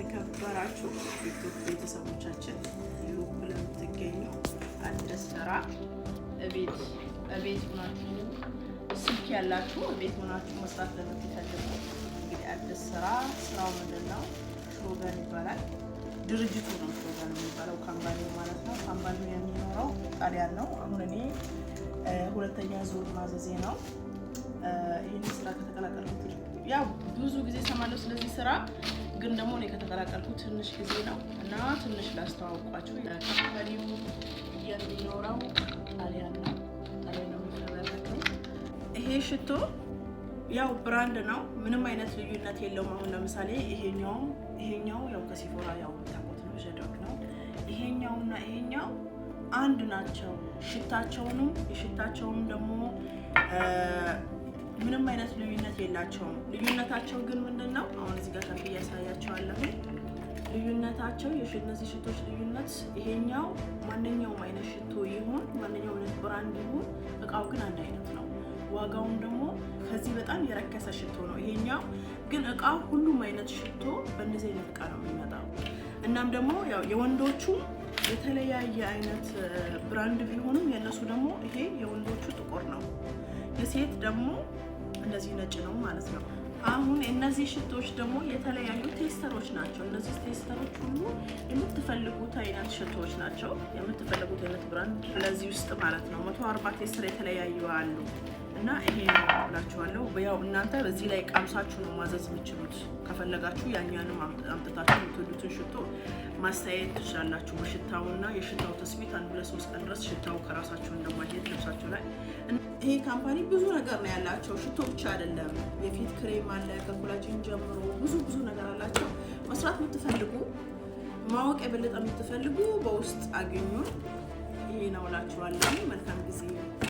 የተከበራችሁ ዩቱብ ቤተሰቦቻችን ዩሮፕ ለምትገኙ አዲስ ስራ እቤት ሆናችሁ ስልክ ያላችሁ እቤት ሆናችሁ መስራት ለምትፈልጉ እንግዲህ አዲስ ስራ ስራው ምንድን ነው? ሾገን ይባላል ድርጅቱ ነው። ሾገን የሚባለው ካምፓኒው ማለት ነው። ካምፓኒው የሚኖረው ጣሊያን ነው። አሁን እኔ ሁለተኛ ዙር ማዘዜ ነው። ይህን ስራ ከተቀላቀልኩት ያው ብዙ ጊዜ ሰማለሁ ስለዚህ ስራ ግን ደግሞ እኔ ከተቀላቀልኩ ትንሽ ጊዜ ነው እና ትንሽ ላስተዋውቋችሁ ከፈሪው የሚኖረው ጣሊያን ነው። ነው የሚፈበረከው ይሄ ሽቶ ያው ብራንድ ነው። ምንም አይነት ልዩነት የለውም። አሁን ለምሳሌ ይሄኛው ይሄኛው ያው ከሲፎራ ያው ታቆት ነው ሸደክ ነው። ይሄኛው እና ይሄኛው አንድ ናቸው። ሽታቸውንም የሽታቸውም ደግሞ ምንም አይነት ልዩነት የላቸውም። ልዩነታቸው ግን ምንድን ነው? አሁን እዚህ ጋር ልዩነታቸው እነዚህ ሽቶች ልዩነት ይሄኛው ማንኛውም አይነት ሽቶ ይሁን ማንኛውም አይነት ብራንድ ይሁን እቃው ግን አንድ አይነት ነው። ዋጋውም ደግሞ ከዚህ በጣም የረከሰ ሽቶ ነው። ይሄኛው ግን እቃው ሁሉም አይነት ሽቶ በእነዚህ አይነት እቃ ነው የሚመጣው። እናም ደግሞ የወንዶቹ የተለያየ አይነት ብራንድ ቢሆንም የእነሱ ደግሞ ይሄ የወንዶቹ ጥቁር ነው፣ የሴት ደግሞ እንደዚህ ነጭ ነው ማለት ነው። አሁን እነዚህ ሽቶዎች ደግሞ የተለያዩ ቴስተሮች ናቸው። እነዚህ ቴስተሮች ሁሉ የምትፈልጉት አይነት ሽቶዎች ናቸው። የምትፈልጉት አይነት ብራንድ ለዚህ ውስጥ ማለት ነው። መቶ አርባ ቴስተር የተለያዩ አሉ እና ይሄ እላችኋለሁ። ያው እናንተ በዚህ ላይ ቀምሳችሁ ነው ማዘዝ የምችሉት። ከፈለጋችሁ ያኛንም አምጥታችሁ የምትወዱትን ሽቶ ማስተያየት ትችላላችሁ። በሽታውና የሽታው ተስሜት አንድ ለሶስት ቀን ድረስ ሽታው ከራሳችሁ እንደማየት ልብሳችሁ ላይ ይሄ ካምፓኒ ብዙ ነገር ነው ያላቸው። ሽቶ ብቻ አይደለም፣ የፊት ክሬም አለ፣ ከኮላጅን ጀምሮ ብዙ ብዙ ነገር አላቸው። መስራት የምትፈልጉ ማወቅ የበለጠ የምትፈልጉ በውስጥ አገኙን። ይሄ ነው እላችኋለሁ። መልካም ጊዜ